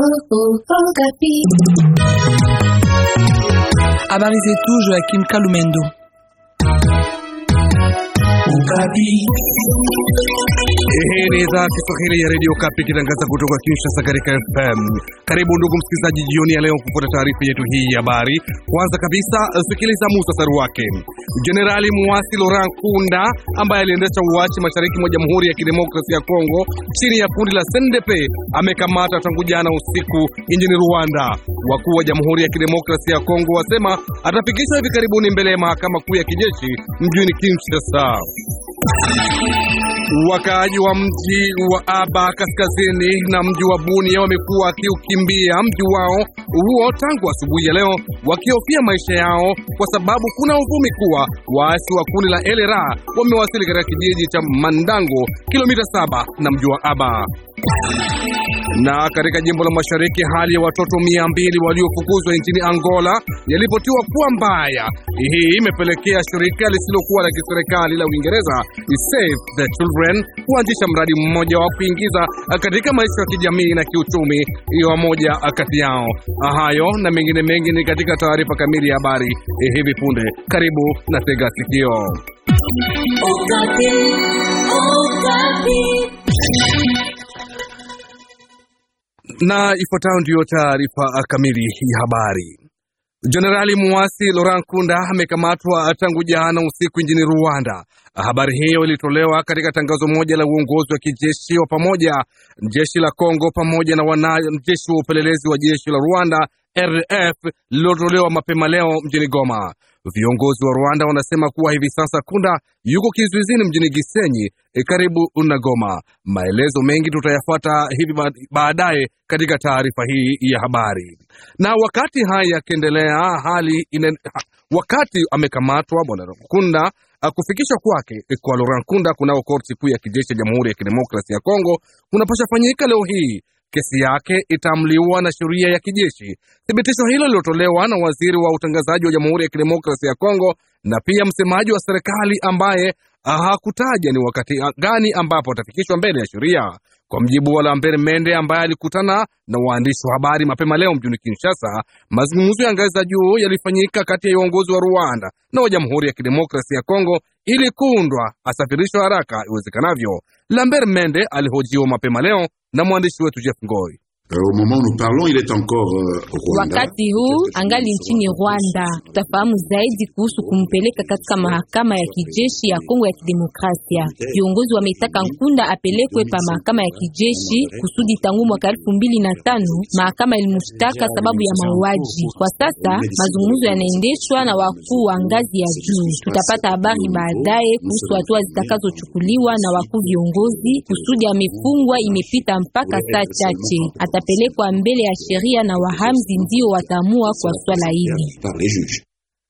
oh oh oh Capi. Habarizetu Joachim Kalumendo. Okapi. Hii ni idhaa Kiswahili ya redio Kapi ikitangaza kutoka Kinshasa katika FM. Karibu ndugu msikilizaji, jioni ya leo kufuata taarifa yetu hii ya habari. Kwanza kabisa sikiliza muhtasari wake. Jenerali muasi Laurent Kunda ambaye aliendesha uasi mashariki mwa Jamhuri ya Kidemokrasia ya Kongo chini ya kundi la CNDP amekamata tangu jana usiku nchini Rwanda. Wakuu wa Jamhuri ya Kidemokrasia ya Kongo wasema atafikishwa hivi karibuni mbele ya mahakama kuu ya kijeshi mjini Kinshasa. Wakaaji wa mji wa Aba kaskazini na mji wa Bunia wamekuwa wakiukimbia mji wao huo tangu asubuhi ya leo, wakihofia maisha yao kwa sababu kuna uvumi kuwa waasi wa kundi la LRA wamewasili katika kijiji cha Mandango, kilomita saba na mji wa Aba. Na katika jimbo la mashariki hali ya watoto mia mbili waliofukuzwa nchini Angola yalipotiwa kuwa mbaya. Hii imepelekea shirika lisilokuwa la kiserikali la Uingereza Save the Children kuanzisha mradi mmoja wa kuingiza katika maisha ya kijamii na kiuchumi wa moja kati yao. Hayo na mengine mengi ni katika taarifa kamili ya habari hivi punde. Karibu na tega sikio. Okapi, Okapi. Na ifuatayo ndiyo taarifa kamili ya habari. Jenerali muasi Laurent Kunda amekamatwa tangu jana usiku nchini Rwanda Habari hiyo ilitolewa katika tangazo moja la uongozi wa kijeshi wa pamoja jeshi la Kongo pamoja na wanajeshi wa upelelezi wa jeshi la Rwanda RF lililotolewa mapema leo mjini Goma. Viongozi wa Rwanda wanasema kuwa hivi sasa Kunda yuko kizuizini mjini Gisenyi eh, karibu na Goma. Maelezo mengi tutayafuata hivi baadaye katika taarifa hii ya habari. Na wakati haya yakiendelea, hali ina, wakati amekamatwa bwana Kunda Ah, kufikishwa kwake kwa Laurent kunda kunao korti kuu ya kijeshi ya Jamhuri ya Kidemokrasia ya Kongo kunapasha fanyika leo hii. Kesi yake itaamliwa na sheria ya kijeshi. Thibitisho hilo lilotolewa na waziri wa utangazaji wa Jamhuri ya Kidemokrasia ya Kongo na pia msemaji wa serikali ambaye hakutaja ni wakati gani ambapo atafikishwa mbele ya sheria. Kwa mjibu wa Lambert Mende ambaye alikutana na waandishi wa habari mapema leo mjini Kinshasa, mazungumzo ya ngazi za juu yalifanyika kati ya uongozi wa Rwanda na wa Jamhuri ya Kidemokrasia ya Kongo ili kuundwa asafirishwe haraka iwezekanavyo. Lambert Mende alihojiwa mapema leo na mwandishi wetu Jeff Ngoi. Euh, au moment où nous parlons il est encore euh, Rwanda. Wakati huu angali nchini Rwanda. Tutafahamu zaidi kuhusu kumpeleka katika mahakama ya kijeshi ya Kongo ya Kidemokrasia. Viongozi wametaka Nkunda apelekwe pa mahakama ya kijeshi kusudi tangu mwaka elfu mbili na tano mahakama ilimshtaka sababu ya mauaji. Kwa sasa mazungumzo yanaendeshwa na wakuu wa ngazi ya juu. Tutapata habari baadaye kuhusu hatua zitakazochukuliwa na wakuu viongozi kusudi amefungwa imepita mpaka saa chache watapelekwa mbele ya sheria na wahamzi ndio wataamua kwa swala hili.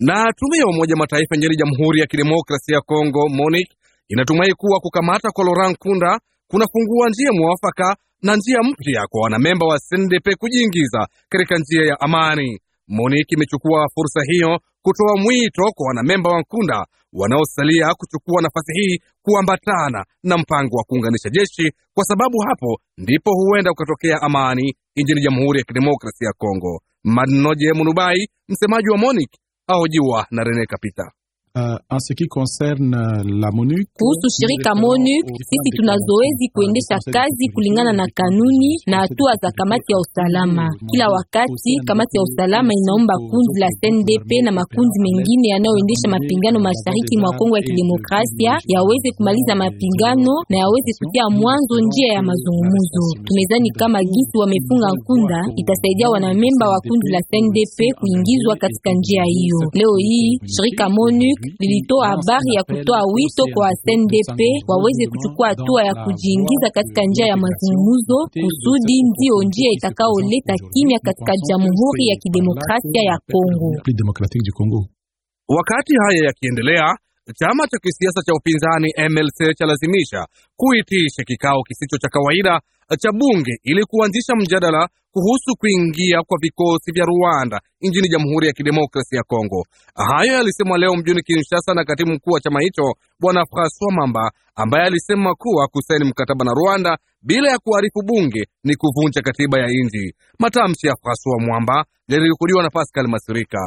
Na tume ya Umoja Mataifa nchini Jamhuri ya Kidemokrasia ya Kongo MONUC inatumai kuwa kukamata kwa Laurent Nkunda kunafungua njia mwafaka na njia mpya kwa wanamemba wa SNDP kujiingiza katika njia ya amani. MONUC imechukua fursa hiyo kutoa mwito kwa wanamemba wa Nkunda wanaosalia kuchukua nafasi hii kuambatana na mpango wa kuunganisha jeshi, kwa sababu hapo ndipo huenda kukatokea amani nchini Jamhuri ya Kidemokrasia ya Kongo. Madnoje Munubai, msemaji wa MONUC, ahojiwa na Rene Kapita. Uh, en ce qui concerne euh, la MONUC, kuhusu shirika MONUC, sisi tunazoezi kuendesha kazi kulingana na kanuni na hatua za kamati ya usalama. Kila wakati kamati ya usalama inaomba kundi la CNDP na makundi mengine yanayoendesha mapingano mashariki mwa Kongo ya Kidemokrasia yaweze kumaliza mapingano na yaweze kutia mwanzo njia ya mazungumzo. Tumezani kama gisi wamefunga nkunda itasaidia wanamemba wa kundi la CNDP kuingizwa katika njia hiyo. Leo hii shirika MONUC lilitoa habari ya kutoa wito kwa SNDP waweze kuchukua hatua ya kujiingiza katika njia ya mazungumzo, kusudi ndio njia itakaoleta kimya katika Jamhuri ya Kidemokrasia ya Kongo. Wakati haya yakiendelea, chama cha kisiasa cha upinzani MLC chalazimisha kuitisha kikao kisicho cha kawaida cha bunge ili kuanzisha mjadala kuhusu kuingia kwa vikosi vya Rwanda nchini Jamhuri ya Kidemokrasia ya Kongo. Hayo yalisemwa leo mjini Kinshasa na katibu mkuu wa chama hicho Bwana Francois Mamba, ambaye alisema kuwa kusaini mkataba na Rwanda bila ya kuarifu bunge ni kuvunja katiba ya nchi. Matamshi ya Francois Mwamba yalirekodiwa na Pascal Masirika.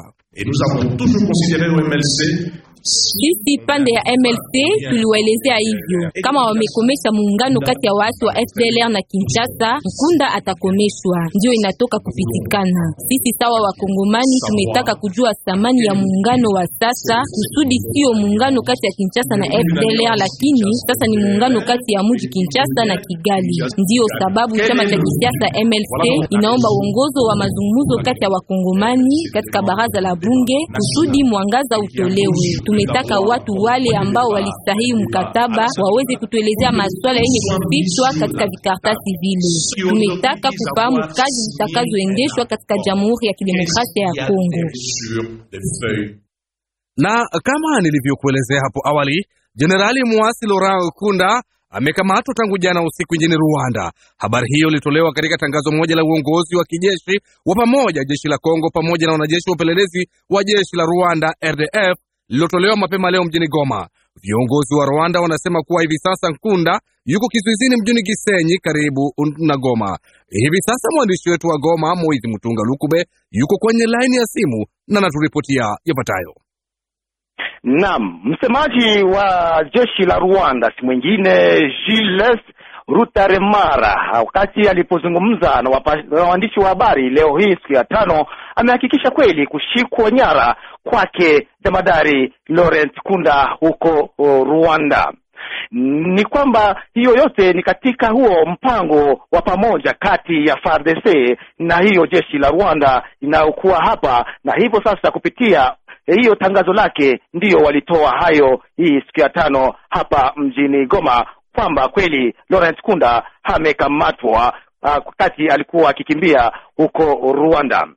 Sisi pande ya MLC tuliwaelezea hivyo kama wamekomesha muungano kati ya waasi wa FDLR na Kinshasa, Mkunda atakomeshwa, ndio inatoka kupitikana. Sisi sawa Wakongomani tumetaka kujua thamani ya muungano wa sasa, kusudi sio muungano kati ya Kinshasa na FDLR, lakini sasa ni muungano kati ya mji Kinshasa na Kigali. Ndiyo sababu chama cha kisiasa MLC inaomba uongozo wa mazungumzo kati ya Wakongomani katika baraza la bunge kusudi mwangaza utolewe tumetaka watu wale ambao walistahili mkataba waweze kutuelezea maswala yenye kupitwa katika vikaratasi vile. Tumetaka kufahamu kazi zitakazoendeshwa katika Jamhuri ya Kidemokrasia ya Kongo. Na kama nilivyokuelezea hapo awali, Jenerali muasi Laurent Kunda amekamatwa tangu jana usiku nchini Rwanda. Habari hiyo ilitolewa katika tangazo moja la uongozi wa kijeshi wa pamoja, jeshi la Kongo pamoja na wanajeshi wa upelelezi wa jeshi la Rwanda RDF lililotolewa mapema leo mjini Goma. Viongozi wa Rwanda wanasema kuwa hivi sasa Nkunda yuko kizuizini mjini Gisenyi karibu na Goma. Hivi sasa mwandishi wetu wa Goma Moizi Mtunga Lukube yuko kwenye laini ya simu na anaturipotia yapatayo. Naam, msemaji wa jeshi la Rwanda si mwingine Jules Rutaremara wakati alipozungumza na waandishi wa habari leo hii siku ya tano, amehakikisha kweli kushikwa nyara kwake jamadari Laurent Kunda huko Rwanda ni kwamba hiyo yote ni katika huo mpango wa pamoja kati ya FARDC na hiyo jeshi la Rwanda inayokuwa hapa, na hivyo sasa kupitia hiyo tangazo lake ndiyo walitoa hayo hii siku ya tano hapa mjini Goma kwamba kweli Lawrence Kunda amekamatwa ah, wakati alikuwa akikimbia huko Rwanda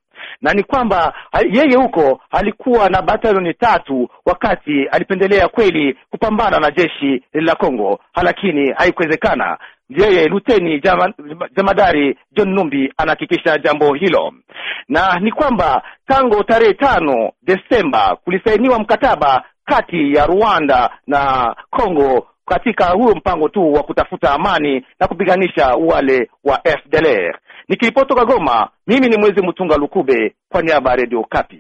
na ni kwamba yeye huko alikuwa na batalioni tatu wakati alipendelea kweli kupambana na jeshi la Kongo, lakini haikuwezekana. Yeye luteni jama, jamadari John Numbi anahakikisha jambo hilo, na ni kwamba tangu tarehe tano Desemba kulisainiwa mkataba kati ya Rwanda na Kongo katika huo mpango tu wa kutafuta amani na kupiganisha wale wa FDLR. Nikiripotoka Goma, mimi ni Mwezi Mtunga Lukube kwa niaba ya Radio Kapi.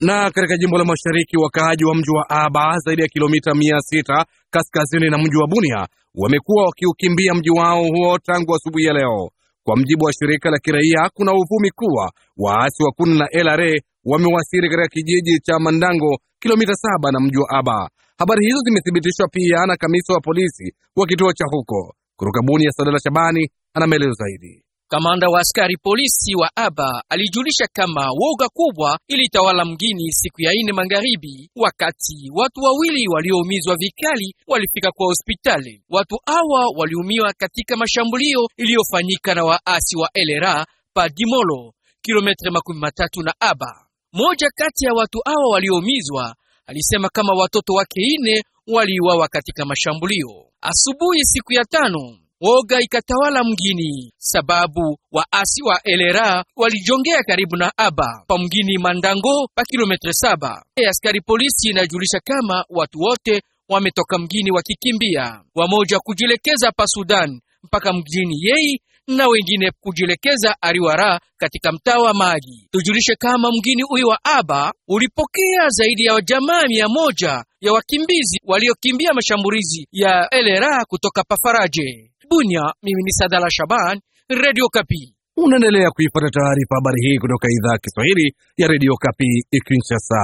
Na katika jimbo la mashariki, wakaaji wa mji wa Aba, zaidi ya kilomita mia sita kaskazini na mji wa Bunia, wamekuwa wakiukimbia mji wao huo tangu asubuhi ya leo. Kwa mjibu wa shirika la kiraia, kuna uvumi kuwa waasi wa kundi la LRA wamewasili katika kijiji cha Mandango, kilomita saba na mji wa Aba. Habari hizo zimethibitishwa pia na kamisa wa polisi wa kituo cha huko kutoka Bunia. Sadala Shabani ana maelezo zaidi. Kamanda wa askari polisi wa Aba alijulisha kama woga kubwa ilitawala mgini siku ya ine magharibi, wakati watu wawili walioumizwa vikali walifika kwa hospitali. Watu hawa waliumiwa katika mashambulio iliyofanyika na waasi wa LRA Dimolo, kilometre makumi matatu na Aba. Moja kati ya watu hawa walioumizwa alisema kama watoto wake ine waliuawa katika mashambulio asubuhi siku ya tano woga ikatawala mgini, sababu waasi wa elera walijongea karibu na aba pa mgini Mandango pa kilometre saba. E, askari polisi inajulisha kama watu wote wametoka mgini wakikimbia, wamoja kujilekeza pa Sudan mpaka mgini Yei na wengine kujilekeza Ariwara katika mtaa wa Magi. Tujulishe kama mgini huyu wa Aba ulipokea zaidi ya wajamaa mia moja ya wakimbizi waliokimbia mashambulizi ya Elera kutoka Pafaraje. Bunya, mimi ni Sadala Shaban, Radio Kapi. Unaendelea kuipata taarifa habari hii kutoka idhaa ya Kiswahili ya Radio Kapi Kinshasa.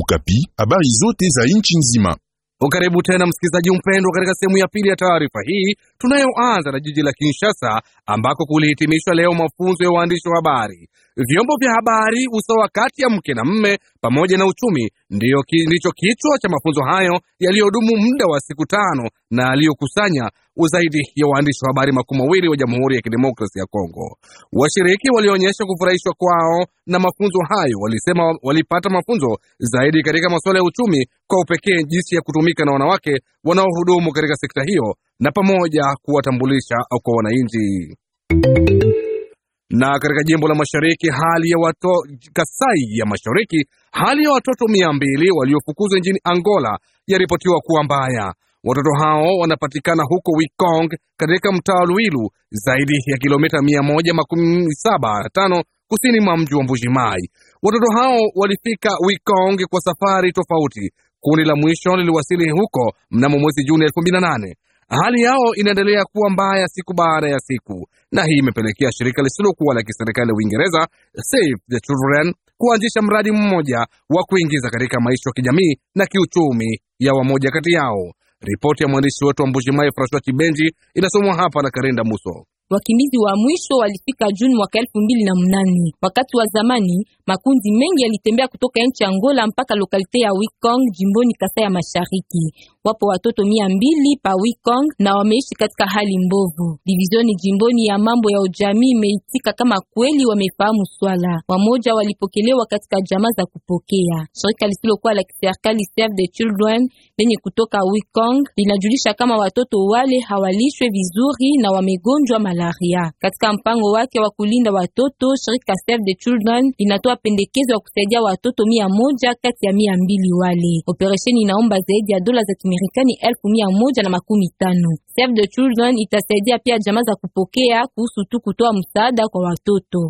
Ukapi, habari zote za nchi nzima. Ukaribu tena msikilizaji mpendwa, katika sehemu ya pili ya taarifa hii tunayoanza na jiji la Kinshasa ambako kulihitimishwa leo mafunzo ya waandishi wa habari vyombo vya habari, usawa kati ya mke na mme, pamoja na uchumi ndiyo ndicho kichwa cha mafunzo hayo yaliyodumu muda wa siku tano na aliyokusanya zaidi ya waandishi wa habari makumi mawili wa Jamhuri ya Kidemokrasia ya Kongo. Washiriki walionyesha kufurahishwa kwao na mafunzo hayo, walisema walipata mafunzo zaidi katika masuala ya uchumi, kwa upekee jinsi ya kutumika na wanawake wanaohudumu katika sekta hiyo na pamoja kuwatambulisha kwa wananchi na katika jimbo la mashariki hali ya wato, Kasai ya mashariki hali ya watoto mia mbili waliofukuzwa nchini Angola yaripotiwa kuwa mbaya. Watoto hao wanapatikana huko Wikong katika mtaa Luilu, zaidi ya kilomita 175 kusini mwa mji wa Mbujimai. Watoto hao walifika Wikong kwa safari tofauti. Kundi la mwisho liliwasili huko mnamo mwezi Juni 2008. Hali yao inaendelea kuwa mbaya siku baada ya siku, na hii imepelekea shirika lisilokuwa la kiserikali ya Uingereza Save the Children kuanzisha mradi mmoja wa kuingiza katika maisha ya kijamii na kiuchumi ya wamoja kati yao. Ripoti ya mwandishi wetu wa mbujimai Francois Chibenji inasomwa hapa na Karinda Muso. Wakimbizi wa mwisho walifika Juni mwaka elfu mbili na mnane. Wakati wa zamani makundi mengi yalitembea kutoka nchi Angola mpaka lokalite ya Wikong jimboni Kasai ya Mashariki. Wapo watoto mia mbili pa Wikong na wameishi katika hali mbovu. Divizioni jimboni ya mambo ya ujamii imeitika kama kweli wamefahamu swala. Wamoja walipokelewa katika jamaa za kupokea. Shirika lisilokuwa la kiserikali Save the Children lenye kutoka Wikong linajulisha kama watoto wale hawalishwe vizuri na wamegonjwa malaria. Katika mpango wake wa kulinda watoto, shirika Save the Children linatoa pendekezo ya kusaidia watoto mia moja kati ya mia mbili wale. Operesheni inaomba zaidi ya dola za Kimarekani elfu mia moja na makumi tano. Save the Children itasaidia pia jamaa za kupokea kuhusu tu kutoa msaada kwa watoto.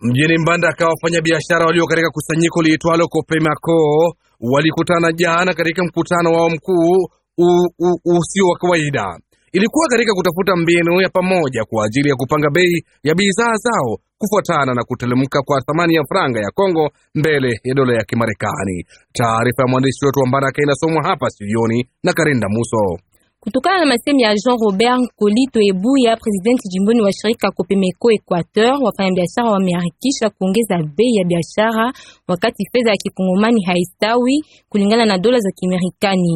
Mjini Mbandaka wafanyabiashara walio katika kusanyiko liitwalo Kopemako walikutana jana katika mkutano wao mkuu usio wa kawaida. Ilikuwa katika kutafuta mbinu ya pamoja kwa ajili ya kupanga bei ya bidhaa zao kufuatana na kutelemka kwa thamani ya franga ya Kongo mbele ya dola ya Kimarekani. Taarifa ya mwandishi wetu Ambara inasomwa hapa studioni na Karinda Muso. Kutokana na masemi ya Jean Robert Kolito Ebuya, presidenti jimboni wa shirika Kopemeko Equateur, wafanyabiashara wameharakisha kuongeza bei ya biashara wakati fedha ya kikongomani haistawi kulingana na dola za Kimerikani,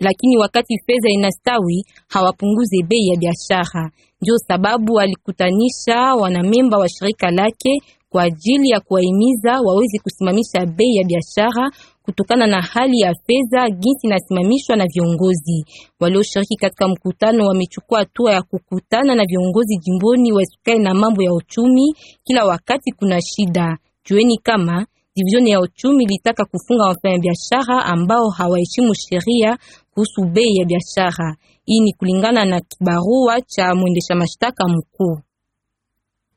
lakini wakati fedha inastawi hawapunguze bei ya biashara. Ndio sababu alikutanisha wanamemba wa shirika lake kwa ajili ya kuwahimiza waweze kusimamisha bei ya biashara kutokana na hali ya fedha jinsi inasimamishwa na viongozi. Walioshiriki katika mkutano wamechukua hatua ya kukutana na viongozi jimboni wasikae na mambo ya uchumi. Kila wakati kuna shida, jueni kama divizioni ya uchumi ilitaka kufunga wafanyabiashara ambao hawaheshimu sheria kuhusu bei ya biashara. Hii ni kulingana na kibarua cha mwendesha mashtaka mkuu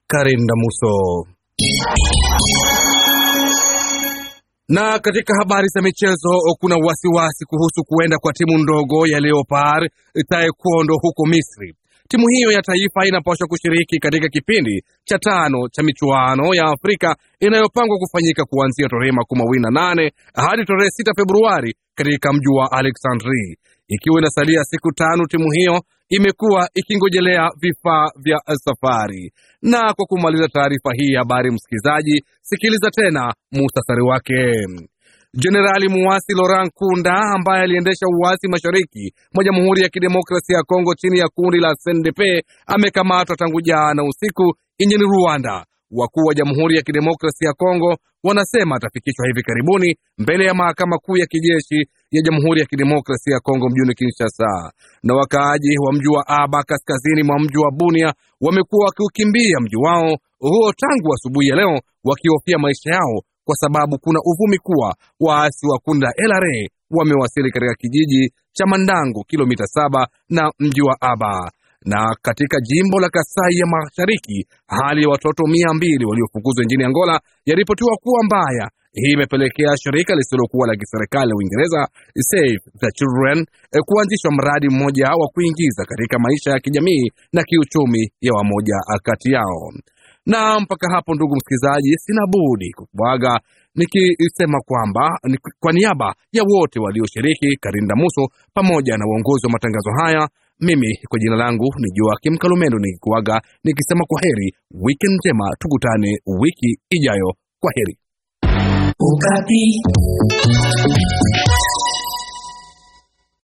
Karinda Muso. Na katika habari za michezo, kuna wasiwasi kuhusu kuenda kwa timu ndogo ya Leopard Taekwondo huko Misri. Timu hiyo ya taifa inapaswa kushiriki katika kipindi cha tano cha michuano ya Afrika inayopangwa kufanyika kuanzia tarehe makumi mawili na nane hadi tarehe 6 Februari katika mji wa Alexandria. Ikiwa inasalia siku tano, timu hiyo imekuwa ikingojelea vifaa vya safari. Na kwa kumaliza taarifa hii habari, msikilizaji, sikiliza tena muhtasari wake. Jenerali muasi Laurent Kunda ambaye aliendesha uasi mashariki mwa Jamhuri ya Kidemokrasia ya Kongo chini ya kundi la SNDP amekamatwa tangu jana usiku nchini Rwanda Wakuu wa Jamhuri ya Kidemokrasia ya Kongo wanasema atafikishwa hivi karibuni mbele ya mahakama kuu ya kijeshi ya Jamhuri ya Kidemokrasia ya Kongo mjini Kinshasa. Na wakaaji wa mji wa Aba kaskazini mwa mji wa Bunia wamekuwa wakiukimbia mji wao huo tangu asubuhi ya leo, wakihofia maisha yao kwa sababu kuna uvumi kuwa waasi wa kunda LRA wamewasili katika kijiji cha Mandangu, kilomita saba na mji wa Aba. Na katika jimbo la Kasai ya Mashariki, hali ya watoto mia mbili waliofukuzwa nchini Angola yaripotiwa kuwa mbaya. Hii imepelekea shirika lisilokuwa la kiserikali la Uingereza Save the Children eh, kuanzishwa mradi mmoja wa kuingiza katika maisha ya kijamii na kiuchumi ya wamoja kati yao. Na mpaka hapo, ndugu msikilizaji, sina budi kukubwaga nikisema kwamba kwa niaba ya wote walioshiriki, Karinda Muso pamoja na uongozi wa matangazo haya mimi kwa jina langu ni Joakim Kalumendo nikikuaga nikisema kwa heri, wiki njema, tukutane wiki ijayo. Kwa heri. ukati